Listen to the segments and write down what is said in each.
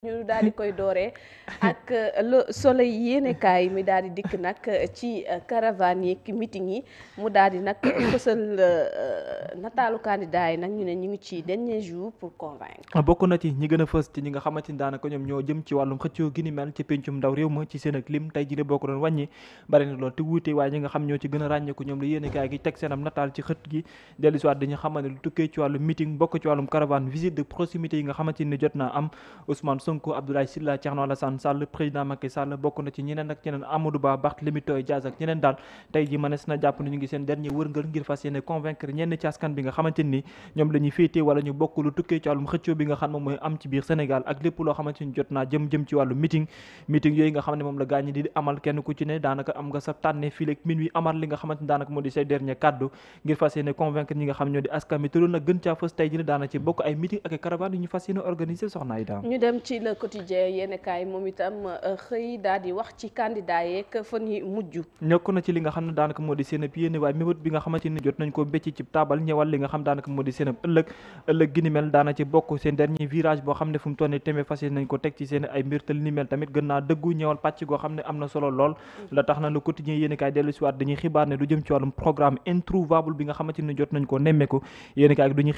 ñu daal di koy dooree ak le soleil yéenekaay mi daal di dikk nag ci caravane yi ki meeting yi mu daal di nag fësal euh, nataalu candidat yi nag ñu ne ñu ngi ci dernier jour pour convaincre. Ah, bokk na ci ñi gën a fës ci ñi nga xamante ni daanaka ñoom ñoo jëm ci wàllum xëccoo gi ni mel ci pencum ndaw réew ma ci seen de boo ko ñi nga xam ñoo ci gën a ràññeeku ñoom gi teg seenam nataal ci xët gi dellu si waat dañu xamante lu tukkee ci wàllum meeting bokk ci wàllum caravane visite de proximité yi nga xamante ni jot naa am Ousmane Sonko Abdoulaye Sylla Thierno Alassane Sall président Macky Sall bokk na ci ñeneen ak ñeneen Amadou Ba Barthélémy Dias nga xamante ni ñoom la ñuy féetee ñu bokk lu tukkee ci wàllum xëccoo bi nga xam mooy am ci biir Sénégal ak lépp loo xamante jot naa jëm jëm ci wàllu meeting yooyu nga xam ne moom la gaañ di amal kenn ku ci ne daanaka am nga sa tànne fileeg minuit amal li nga xamante daanaka moo di say dernier kaddu ngir fas yéene convaincre ñi nga xam ñoo di askan bi te nag gën caa fës tey ji daana ci bokk ay meeting ak caravane yu ñu fas yéene organiser le quotidien yéen kaay moom itam euh, xëy daal di wax ci candidat yeeg fan yi mujj. nekk na ci li nga xam ne daanaka moo di seen ëllëg ëllëg daana ci bokk seen dernier virage boo xam ne fu mu toll nii nañ ko teg ci seen ay mbir te li ni tamit gën naa dëggu ñëwal pàcc goo xam ne am na solo lool mm. la tax na le quotidien yéen kaay dellu waat dañuy xibaar ne lu jëm ci wàllum programme introuvable bi nga xamante ni jot nañ koo nemmeeku yéen kaay dañuy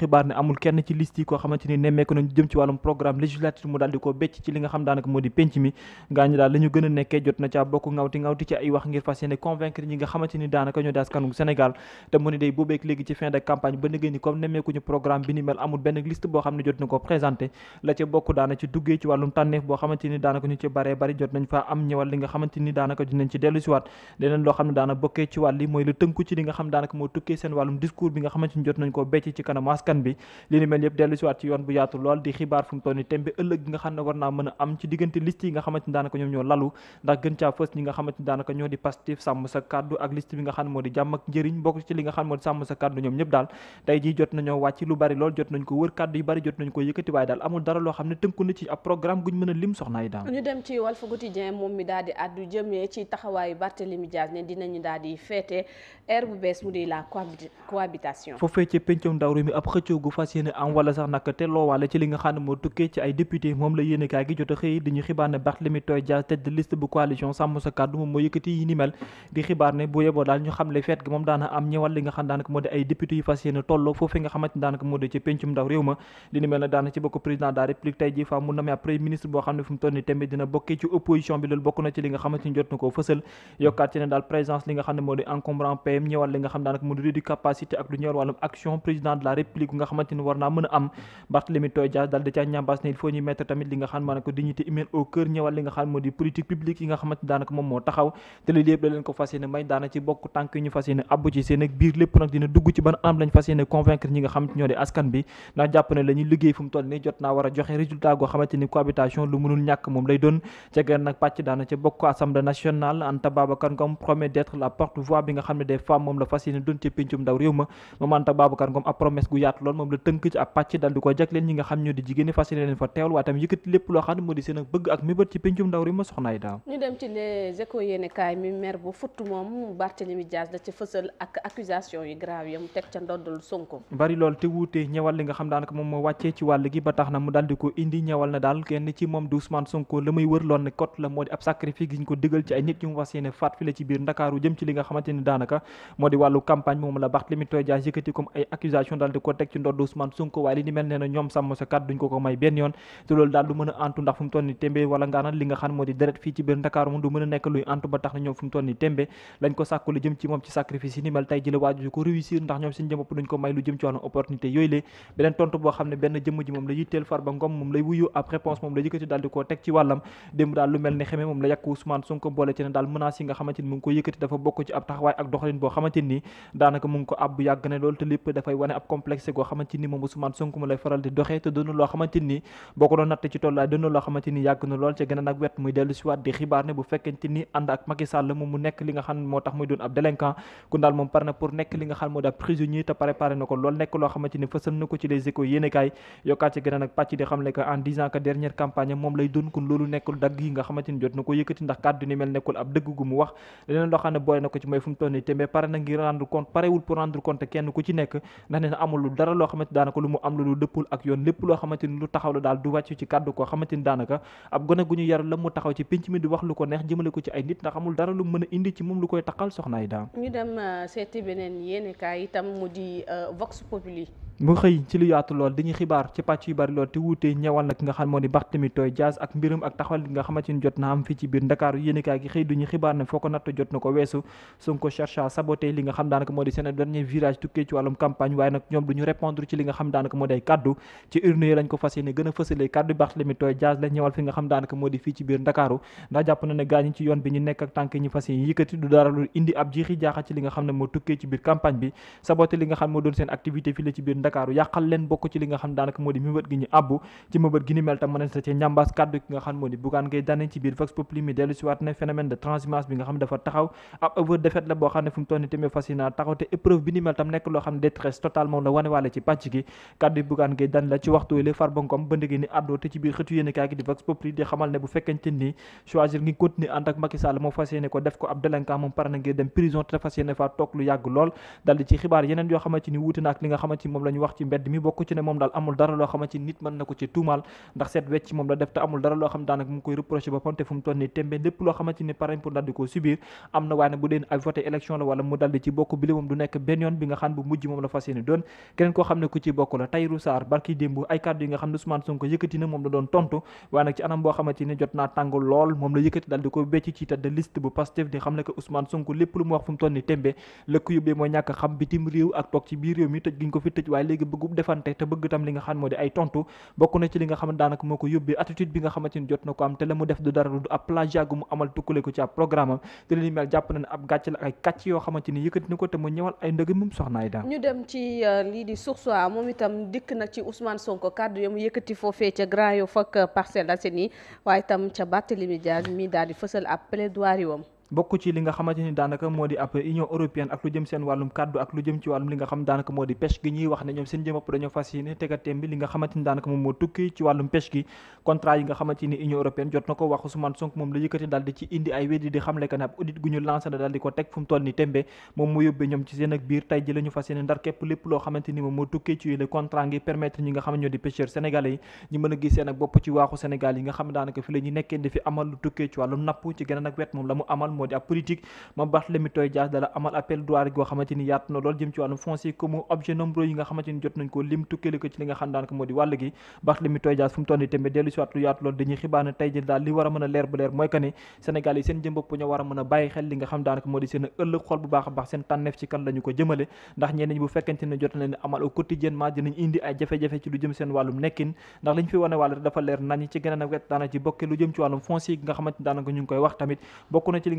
ko bécc ci li nga xam daanaka moo di penc mi gaa ñi daal la ñu gën a nekkee jot na caa bokk ngawti ngawti ci ay wax ngir fas yéene convaincre ñi nga xamante ni daanaka ñoo di askanu Sénégal te mu ne day boobeek léegi ci fin de campagne ba nëgée ni comme nemmeekuñu programme bi ni mel amul benn liste boo xam ne jot na ko présenté la ca bokk daana ci duggee ci wàllum tànneef boo xamante ni daanaka ñu ci baree bari jot nañ fa am ñëwal li nga xamante ni daanaka dinañ ci dellu si waat leneen loo xam ne daana bokkee ci wàll li mooy la tënku ci li nga xam daanaka moo tukkee seen wàllum discours bi nga xamante ni jot nañ koo becc ci kanam askan bi li ni mel yëpp dellu si waat ci yoon bu yaatu lool di xibaar fu mu toll ni tembe ëllëg nga xam ne war naa mën a am ci diggante liste yi nga xamante ni daanaka ñoom ñoo lalu ndax gën caa fës ñi nga xamante ni daanaka ñoo di Pastef sàmm sa kàddu ak liste bi nga xam ne moo di jàmm ak njëriñ bokk ci li nga xam ne moo di sàmm sa kàddu ñoom ñëpp daal tey jii jot nañoo wàcc lu bari lool jot nañ ko wër kàddu yu bari jot nañ ko yëkkati waaye daal amul dara loo xam ne tënku na ci ab programme guñ mën a lim soxnaay daal ñu dem ci Walf Quotidien moom mi daal di addu jëmee ci taxawaayu Barthélémy Dias ne dinañu daal di féete ère bu bees mu di la cohabitation foofee ci pencum ndaw réew mi ab xëccoo gu fas yéene am wala sax nag te loowaale ci li nga xam ne moo tukkee ci ay député moom la yéenekaay gi jot a xëy dañu xibaar ne Barthélémy Toye Dias tête de liste bu coalition sàmm sa kàddu moom moo yëkkati yi ni di xibaar ne bu yeboo daal ñu xam le foofu da ñu mettre tamit li nga xam moo nekk nga xam moo di politique publique yi nga xamante daanaka moom moo taxaw te li lépp leen ko fas yéene may daana ci bokk tànk ñu nga xamante ñoo di askan bi ndax jàpp ne la liggéey fu toll nii jot naa war a joxe résultat goo xamante ni cohabitation lu mënul ñàkk moom lay doon ca nag pàcc daana ca bokk assemblée nationale Anta Babacar Ngom promet d'être la porte-voix bi nga xam ne des femmes moom la fas yéene doon ci péncum ndaw réew ma tamit lépp loo xam ne moo di seen ak bëgg ak mébét ci pencum ndaw réew ma soxna daaw ñu dem ci les échos yéenekaay mi maire bu futt moom Barthélémy Dias da ci moom moo wàccee ci wàll gi ba tax na na daal kenn ci moom di Ousmane Sonko la muy wër lool ne kot la moo di ab sacrifice li nga xamante ni daanaka moo di wàllu campagne moom la Barthélémy yëkkati comme ay accusation daal di ko teg ci ndodd Ousmane Sonko waaye li ni mel nee ñoom sàmm sa kàddu ko ko may benn yoon te loolu daal du mën a antu ndax fu mu toll ni témbé nga anal li nga xam moo di deret fii ci biir Ndakaaru moom du mën a nekk luy antu ba tax ni ñoom seen jëm bopp duñ ko may lu jëm ci wàllu opportunité yooyu lée beneen tontu boo xam ne benn jëmm ji moom la yitteel Farba Ngom moom lay wuyu ab réponse moom la yëkkati daal di koo teg ci wàllam démb daal lu mel ni xeme moom la yàkk Ousmane Sonko boole ci ne daal menace nga xamante ni ko yëkkati dafa bokk ci tollaay dëna loo xamante yàgg na lool ca gën nag wet muy dellu si waat xibaar ne bu fekkente ni ànd ak Macky Sall mu nekk li nga xam moom lay doon kon loolu nekkul dagg yi nga xamante jot na ko yëkkati ndax kàddu ni mel nekkul ab dëgg gu mu wax leneen loo xam mooy fu mu toll nii témbee pare na ngir rendre compte parewul pour rendre compte kenn ku ci nekk ndax nee na amul lu dara loo xamante daanaka lu mu am lu dëppul ak yoon lépp kàddu koo xamante ni daanaka ab gone gu ñu yar la mu taxaw ci penc mi di wax lu ko neex jëmale ko ci ay nit ndax amul dara lu mën a indi ci moom lu koy taqal soxna euh, ay daam mu di euh, Vox Populi mu xëy ak mbiram ak taxawal gi nga xamante jot na am fii ci biir Ndakaaru yéenekaay gi xëy duñu xibaar ne foo ko natt jot na ko weesu Sonko cherche à saboter li nga xam daanaka moo di seen dernier virage tukkee ci wàllum campagne waaye nag ñoom duñu répondre ci ci urne a Barthélemy Toye Dias la ñëwal fi nga xam daanaka moo di fii ci biir Ndakaaru ndax jàpp na ne gaañ ci yoon bi ñu nekk ak tànk yi yëkkati du dara nga xam ne moo tukkee ci biir campagne bi saboté li li nga xam daanaka moo di mëbët gi ñu àbbu ci mëbët gi ni mel tam mën sa ci njàmbaas kàddu ki nga xam moo di Bougane Gueye Dany ci biir Vox Populi mi dellu si waat ne phénomène de transhumance bi nga xam dafa taxaw ab œuvre de la boo xam ne fu mu toll tamit fas yi naa xëtu yéen kaay gi di Vox Populi di xamal ne bu fekkente ni choisir ngi continuer ànd ak Macky Sall moo fas ko def ko ab délinquant moom pare ngir dem prison te fas yéene toog lu yàgg lool dal ci xibaar yeneen yoo xamante ni wuute na ak li nga xamante ni moom la wax ci mbedd mi bokk ci ne moom daal amul dara loo xamante ni nit mën na ko ci tuumaal ndax seet wecc moom la def te amul dara loo xam daanaka mu koy reproché boppam te fu doon tontu waaye nag ci anam boo xamante ni jot naa tàng lool moom la yëkkati daal di ko becc ci tête de liste bu Pastef di xam ne que Ousmane Sonko lépp lu mu wax fu mu toll ni tembe la ko yóbbee mooy ñàkk xam bitim réew ak toog ci biir réew mi tëj giñ ko fi tëj waaye léegi bëggub defante te bëgg tam li nga xam moo di ay tontu bokk na ci li nga xam ne daanaka moo ko yóbbee attitude bi nga xamante ni jot na ko am te la mu def du dara du ab plagiat gu mu amal tukkale ko ci ab programme am te li mel jàpp na ne ab gàcc la ay kàcc yoo xamante ni yëkkati na ko te mu ñëwal ay ndëgg moom soxna ay daal ñu dem ci euh, lii di Source A moom itam dikk na ci Ousmane Sonko kàddu yamu yëkkati foofee ca grand Diouf ak Parcelles Assainies waaye itam ca Barthélémy Dias mi daal di fësal ab plaidoirie wam bokk ci li nga xamante ni daanaka moo di ab union européenne ak lu jëm seen wàllum kàddu ak lu jëm ci wàllum li nga xam daanaka moo di pêche gi yi ñu mën a gis seen ak bopp ci waaxu Sénégal yi nga xam daanaka fi la nekkee di fi amal lu tukkee ci wàllum napp ci geneen ak wet moom la mu amal moo daal li war a mën a leer bu leer mooy que Sénégal yi seen jëm bopp ñoo war a mën a bàyyi xel li nga xam daanaka moo di seen ëllëg xool bu baax a baax seen tànneef ci kan la ko jëmale ndax ñeneen ñi bu fekkente ne jot nañ amal au quotidiennement dinañ indi ay koy wax tamit bokk ci li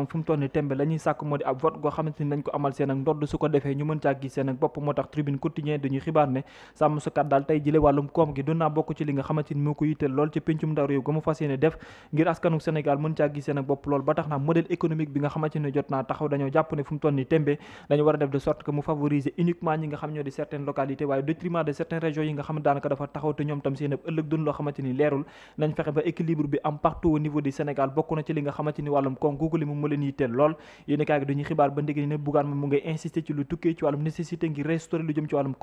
ñoom fu ni tembe la sàkk moo di ab vote goo xamante ni dañ ko amal seen ak ndodd su ko defee ñu mën caa gis seen ak bopp moo tax tribune quotidien dañuy xibaar ne sàmm sukat daal tey jële wàllum koom gi doon naa bokk ci ni leerul nañ fexe ba équilibre bi am partout niveau du Sénégal bokk na ci li nga xamante ni wàllum koom googu li mu leen yitteel lool yéen kaay gi dañuy xibaar ba ndégg ne Bougane moom mu ngay insister ci lu tukkee ci wàllum nécessité ngir restaurer lu jëm ci wàllum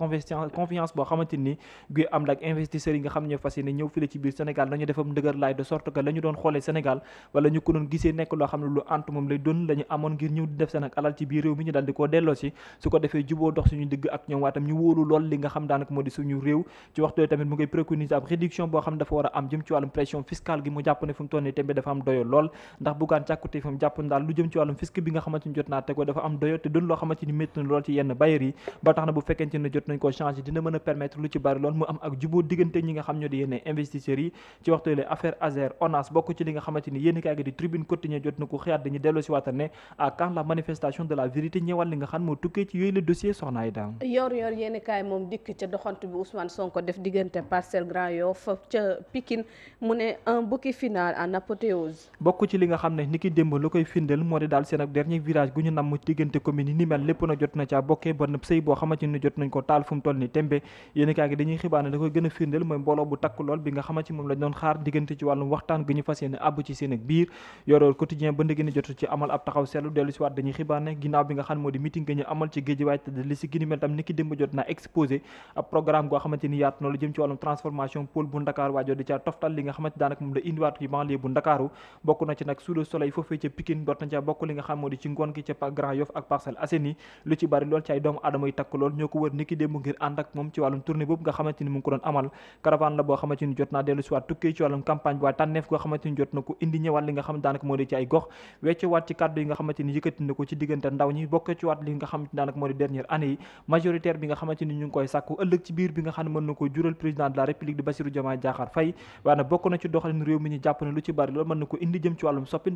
confiance boo xamante ni guy am la ak yi nga xam ñoo fas yéene ci biir Sénégal nañu defam ndëgër laay de sorte que la doon xoolee Sénégal wala ñu ko doon gisee nekk loo xam ne lu ant moom lay doon la amoon ngir ñëw def seen ak alal ci biir réew mi ñu daal di koo delloo su ko defee juboo daal lu jëm ci wàllum fisc bi nga xamante ni jot naa teg ko dafa am doyo te doon loo xamante ni métti lool ci yenn bailleurs yi ba tax na bu fekkente ne jot nañ koo changé dina mën a lu ci bari lool mu am ak juboo diggante ñi nga xam ñoo di yenn investisseurs yi ci waxtu le affaire Azer ONAS bokk ci li nga xam ne ni ki démb lu koy fin firndeel moo di daal seen ak dernier virage gu ñu namm diggante commune yi ni mel lépp na jot na caa bokkee ba nëb sëy boo xamante ni ne da koy ci amal ab taxaw seetlu dellu si waat dañuy xibaar ginnaaw bi nga xam moo di meeting ga amal ci géej waay tëdd li si gini mel tam ni ki démb jot naa exposé ab programme goo xamante ni yaatu na jëm ci wàllum transformation pôle bu Ndakaaru waajoo di caa toftal li nga xamante daanaka moom la indiwaat yi war na ko wër jot na ko indi ñëwaat li nga xam daanaka moo di ci ay gox wecce waat ci kàddu yi nga xamante ni ko ci diggante ndaw ñi bokk ci waat li nga xamante daanaka moo di dernière année yi majoritaire bi nga xamante ñu ngi koy sàkku ëllëg ci biir bi nga xam ne mën na ko jural président de la république di Bassirou Diomaye Diakhar Faye waaye nag na ci doxalin réew mi ñu jàpp ne lu ci bari lool mën na ko indi jëm ci wàllum soppin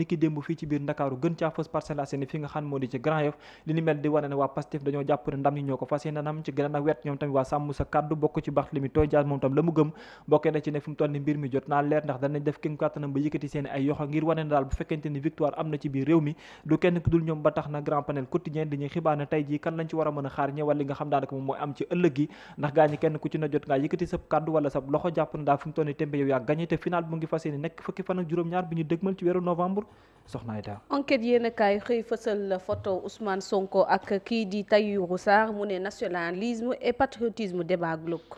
niki démb fii ci biir ndakaaru gën caa fës Parcelles Assainies fi nga xam moo di ci Grand Yoff li ni mel di wane waa Pastef dañoo jàpp na ndax danañ def kéem kàttanam na ci mi du kenn ku dul ñoom ba tax na grand panel quotidien dañuy xibaar ne tey jii kan lañ ci war a mën xaar ñe li nga xam daanaka moom mooy am ci ëllëg gi ndax gaa ñi kenn ku ci na jot ngaa yëkkati sa kàddu wala sa loxo jàpp na daal fi mu toll yow yaa gagné te final bu soxna Aïda enquête yéen a kaay xëy fësal photo Ousmane Sonko ak kii di Tahirou Sarr mu ne nationalisme et patriotisme débat glauque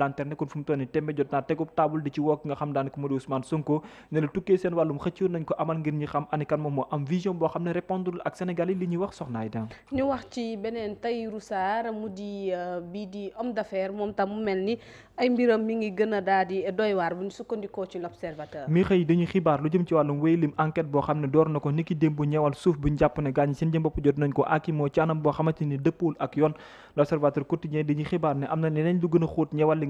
lanterne kon fu mu toll nii tembe jot naa tegub table di ci wokk nga xam daanaka moo di Ousmane Sonko ne la tukkee seen wàllum xëccoo nañ ko amal ngir ñi xam ani kan moom euh, moom tam mu mel ni ay mbiram mi ngi gën a daal di doy bu ñu sukkandikoo ci l'observateur mi xëy dañuy xibaar lu jëm ci wàllum wéy lim enquête boo xam ne door na ko niki démb ñewal suuf buñ jàpp ne gaañ seen jëm bopp jot nañ ko ak moo ci anam boo ni dëppul ak yoon a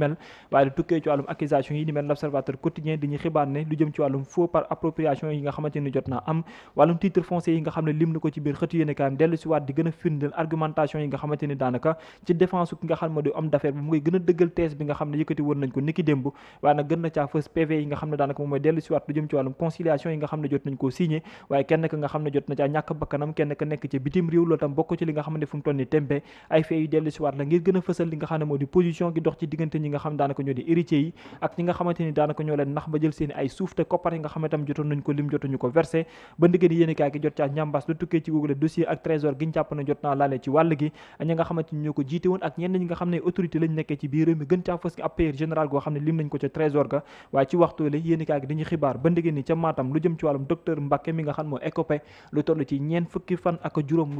mel waaye lu tukkee ci wàllum accusation yi ni mel ne jot naa am wàllum titre foncier yi nga xam ne lim na ko ci biir xëtu yéene kaayam dellu si waat di gën a ci défense nga xam ne di homme d'affaires bi mu ngi gën dellu si waat lu jëm ci wàllum li nga xam ne fu mu ni tempe ay fee yu dellu si waat la ngir gën fësal li nga xam ne moo di position gi dox ci diggante ñi nga xam daanaka ñoo di héritiers yi ak ñi nga xamante daanaka ñoo leen nax ba jël seen ay suuf te koppar nga xam ne tam jot naa laale ci wàll gi ñi nga xamante ni ñoo ko jiite woon ak ñenn ñi nga xam ne autorité lañ nekkee ci biir mi gën caa fës ab goo xam ne lim nañ ko ca trésor ga waaye ci waxtu la yéen kaay gi dañuy xibaar ba ndiggéen ni ca Matam lu jëm ci wàllum docteur Mbacké mi nga xam moo écopé lu toll ci ñeen fukki fan ak juróom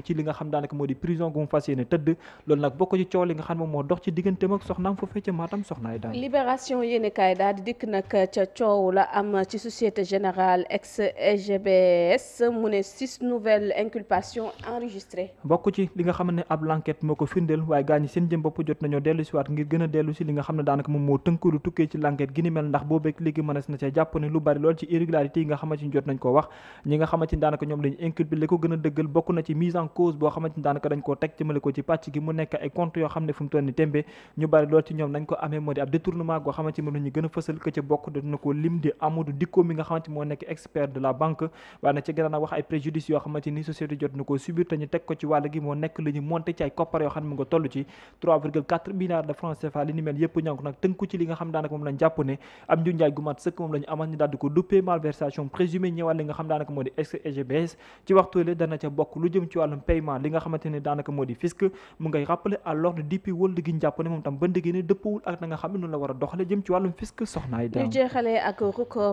tam soxna ay daal libération yéeni kaay daal di dikk nag ca coow la am ci société générale ex SGBS e mu ne six nouvelles inculpations enregistrées. bokk ci li nga xam ne ab l'enquête moo ko firndeel waaye gaa ñi seen jëm bopp jot nañoo dellu si waat ngir gën a dellu si li nga xam ne daanaka moom moo tënk lu tukkee ci l'enquête gi mel ndax boobee léegi mënees na ca jàpp ne lu bari lool ci irrégularité yi nga xamante ni jot nañ koo wax ñi nga xamante ni daanaka ñoom lañu inculpé a dëggal amee moo ab détournement goo xamante moo nekk expert de la banque waaye na ci gën a wax ay préjudice yoo xamante ni société jot na ko subir te ñu teg ko ci wàll gi moo nekk li ñu ci ay koppar yoo xam ni mel yëpp ñoo ko nag tënku ci li nga xam daanaka moom lañ jàpp am nju njaay gu sëkk moom la ñu amal ñu ko duppee malversation présumée ñëwaat li nga xam daanaka moo di ci waxtu le dana ca bokk lu jëm ci wàllum paiement ak na nga xam ne la war a doxale jëm ci wàllum fisc soxnaay euh, daaw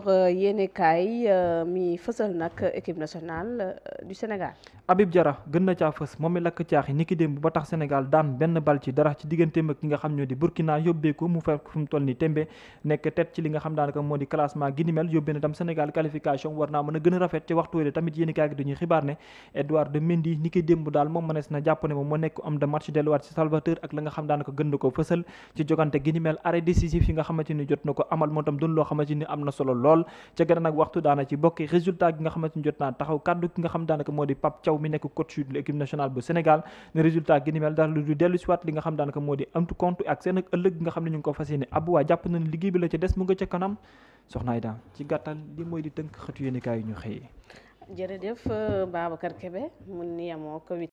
euh, mi fësal nag équipe nationale euh, du Sénégal Habib Diarra gën na caa fës moom mi lakk caaxi ni démb ba tax Sénégal daan benn bal ci dara ci digganteem ak ñi nga xam ñoo di Burkina yóbbee ko mu na tam Sénégal qualification war naa mën a gën a rafet ci waxtu yi tamit yéenekaay gi dañuy xibaar ne Edouard Mendy ni ki démb daal moom mënees nekk am de match delluwaat ci Salvateur ak la nga xam gi ni mel yi nga xamante ni jot na ko amal moo tam doon loo xamante ni am na solo lool ca gën a waxtu daana ci bokk résultat gi nga xamante ni jot naa taxaw kàddu ki nga xam daanaka moo di Pape Thiaw mi nekk coach de l'équipe nationale bu Sénégal ne résultat gi ni mel daal du dellu li nga xam daanaka moo di amtu compte ak seen ak ëllëg nga xam ne ñu ngi ko fas yéene ab jàpp na ne liggéey bi la ca des mu nga ca kanam soxna